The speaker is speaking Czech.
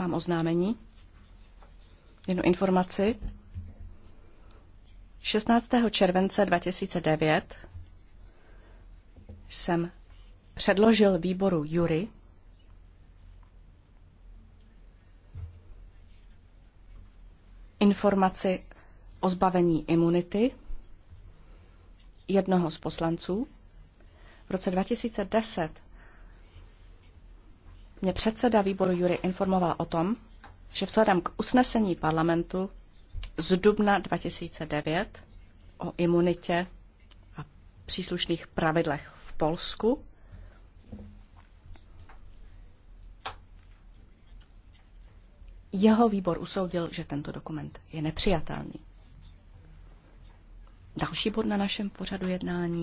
Mám oznámení, jednu informaci. 16. července 2009 jsem předložil výboru Jury informaci o zbavení imunity jednoho z poslanců. V roce 2010 mě předseda výboru Jury informoval o tom, že vzhledem k usnesení parlamentu z dubna 2009 o imunitě a příslušných pravidlech v Polsku jeho výbor usoudil, že tento dokument je nepřijatelný. Další bod na našem pořadu jednání